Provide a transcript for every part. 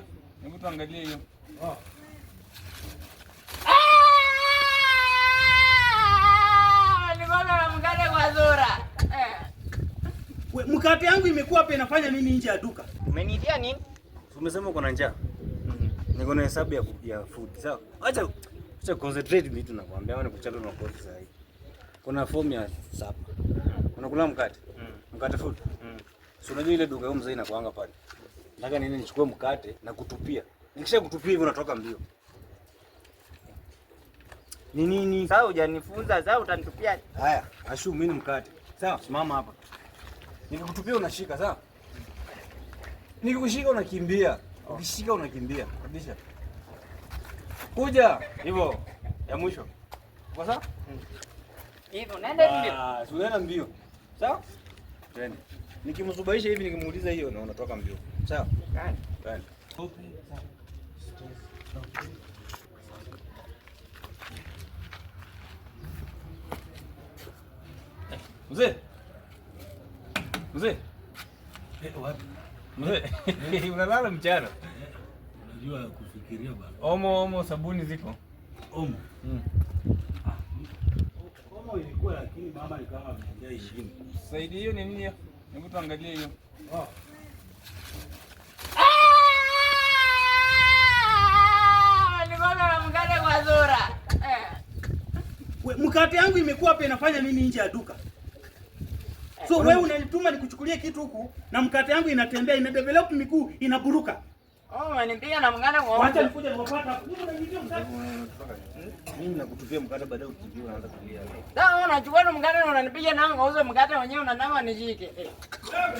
hiyo, hebu tuangalie hiyo. Ah! Mkate yangu imekuwa hapa inafanya nini nje ya duka? Umenitia nini? Umesema uko na njaa. Mhm. Niko na hesabu ya ya food. Sawa. Acha acha concentrate mimi tunakwambia wewe kuchana na kozi sasa hivi. Kuna form ya sapa. Unakula mkate? Mhm. Mkate food. Mhm. Si unajua ile duka yao mzee inakuanga pale nataka nini, nichukue mkate na kutupia. Nikisha kutupia hivyo natoka mbio. Ni nini? Sasa hujanifunza, sasa utanitupia. Haya, Ashu mimi ni mkate. Sawa, simama hapa. Nikikutupia unashika, sawa? Nikikushika unakimbia. Ukishika unakimbia. Kabisa. Kuja hivyo ya mwisho. Kwa sawa? Hivyo nenda mbio. Ah, unaenda mbio. Sawa? Twende. Nikimsubahisha hivi nikimuuliza hiyo na unatoka mbio. Sawa. Mzee. Mzee. Eh, wapi? Mzee. Unalala mchana. Unajua kufikiria bana. Omo omo sabuni ziko. Omo. Mm. Ah. mama Saidi hiyo ni nini? Hebu tuangalie hiyo. Oh. kati yangu imekuwa hapa inafanya mimi nje ya duka. So wewe unanituma nikuchukulie kitu huku na mkate yangu inatembea ina develop miguu inaburuka. Oh, unanipiga na mngana wao. Acha nikuje nikupata. Mimi nakutupia mkate baadaye ukijua unaanza kulia. Da, unachukua mkate na unanipiga na ngauze mkate wenyewe unanama nijike. Eh.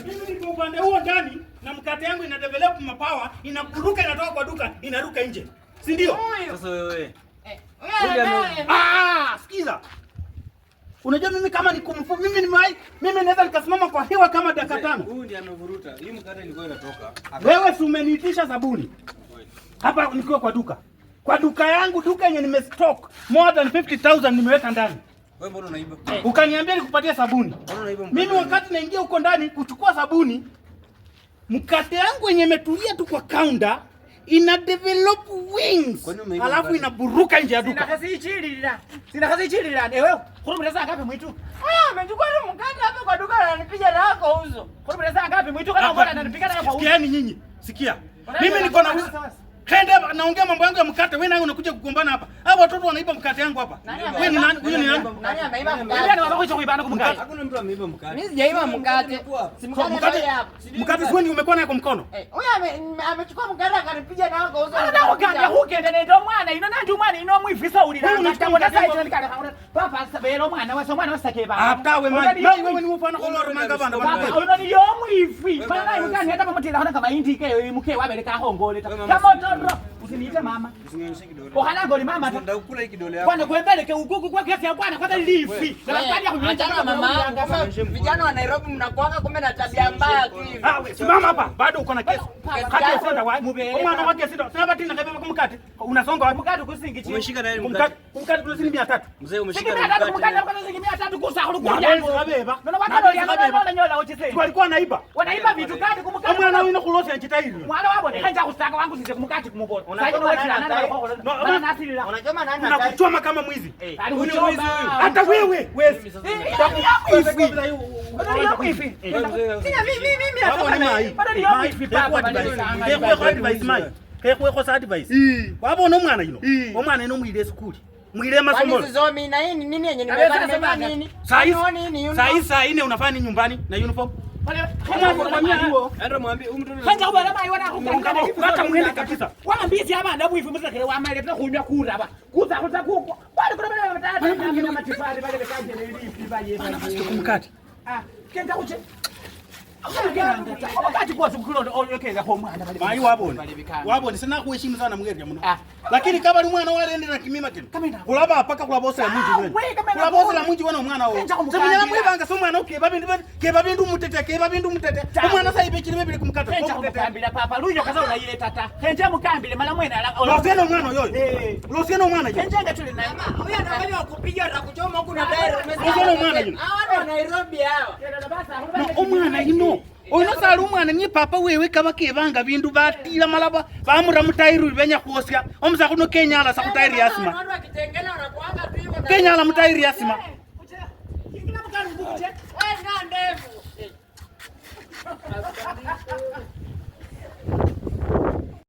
Mimi niko upande huo ndani na mkate yangu ina develop mapawa inaburuka inatoka kwa duka inaruka nje. Si ndio? Sasa wewe. Eh. Ah, sikiza. Unajua mimi kama kumfu, mimi nimewahi mimi naweza nikasimama kwa hewa kama dakika tano. Huyu ndiye amevuruta. Hii mkate ilikuwa inatoka. Wewe si umeniitisha sabuni. Hapa nikiwa kwa duka. Kwa duka yangu duka yenye stock more than 50000 nimeweka ndani. Wewe mbona unaiba? Ukaniambia nikupatie sabuni. Mbona unaiba? Mimi wakati naingia huko ndani kuchukua sabuni mkate yangu yenye imetulia tu kwa kaunda ina develop wings alafu inaburuka nje ya duka. Sina kazi Sina kazi ichilila. Ewe, kuna mtesa ngapi mwitu? Aya, amechukua rumu mkanda hapa kwa duka ananipiga na kwa uzo. Kuna mtesa ngapi mwitu kama mbona ananipiga na kwa uzo? Sikieni nyinyi. Sikia. Mimi niko na Kende naongea mambo yangu ya mkate, wewe nawe unakuja kugombana hapa watoto anaiba mkate wangu hapa. Wewe ni nani? Huyo ni nani? Nani anaiba mkate? Nani wanakuja yaani kuibana kwa Hakuna mtu ameiba mkate. Mimi sijaiba mkate. Si mkate hapa. Mkate sio umekuwa naye kwa mkono. Eh, Huyo amechukua mkate akanipiga na wako uso. Ndio wakati huke ndio ndio mwana. Ina nani ndio mwana? Ina mwivi sasa uli. Wewe unachukua sasa ile nikaka. Papa sasa bero mwana Wewe mwana sasa kiba. Hapa ah, wewe mwana. Na wewe ni upana kwa mwana manga bana. una ni yomwivi. Bana Bana ni hata tena hata kama indi ke mke wabeleka hongole. Kama toro. Usiniite mama. Usinionyeshe goli mama. Ndio kula hiki kidole yako. Bwana kwembele ukuku kwa kiasi ya bwana kwanza lifi. Na baada ya kunyonyesha mama. Vijana wa Nairobi mnakuanga kumbe na tabia mbaya kimi. Ah, simama hapa. Bado uko na kesi. Kati ya senda wa Mwana wa kesi ndio. Sina bati nakabeba kwa mkate. Unasonga wapi mkate kusingi chini. Umeshika na mkate. Mkate kusingi 300. Mzee umeshika na mkate. Mkate kusingi walikuwa naiba wanaiba vitu gani kumkati mwana wino kulosa mwana wabo kusaka wangu sije nani kama mwizi eh. hata wewe wewe eh, wabona eh. omwana ino omwana ino mwile esukuli mwilema zomi na nini nini nini yenye sai sai sai ni unafanya nini nyumbani na uniform? wakati kwa sukulo okeza mwana bali mai wabone wabone sana muno ah. lakini kama ni mwana wale kimima kulaba paka kula bosa ya kula bosa mwana mwana ke ke mwana sasa kile kumkata papa kaza una ile tata ala mwana yoyo eh. mwana yoyo na huyo anaangalia wakupiga na kuchoma huko na mwana yoyo hawa Nairobi hawa ndio basi mwana oinosala umwana ni papa wewe kava kevanga vindu vatila malava vamura mutairi venya khwosya omusakhunu kenyala sa khutairi yasima kenyala mutairi yasima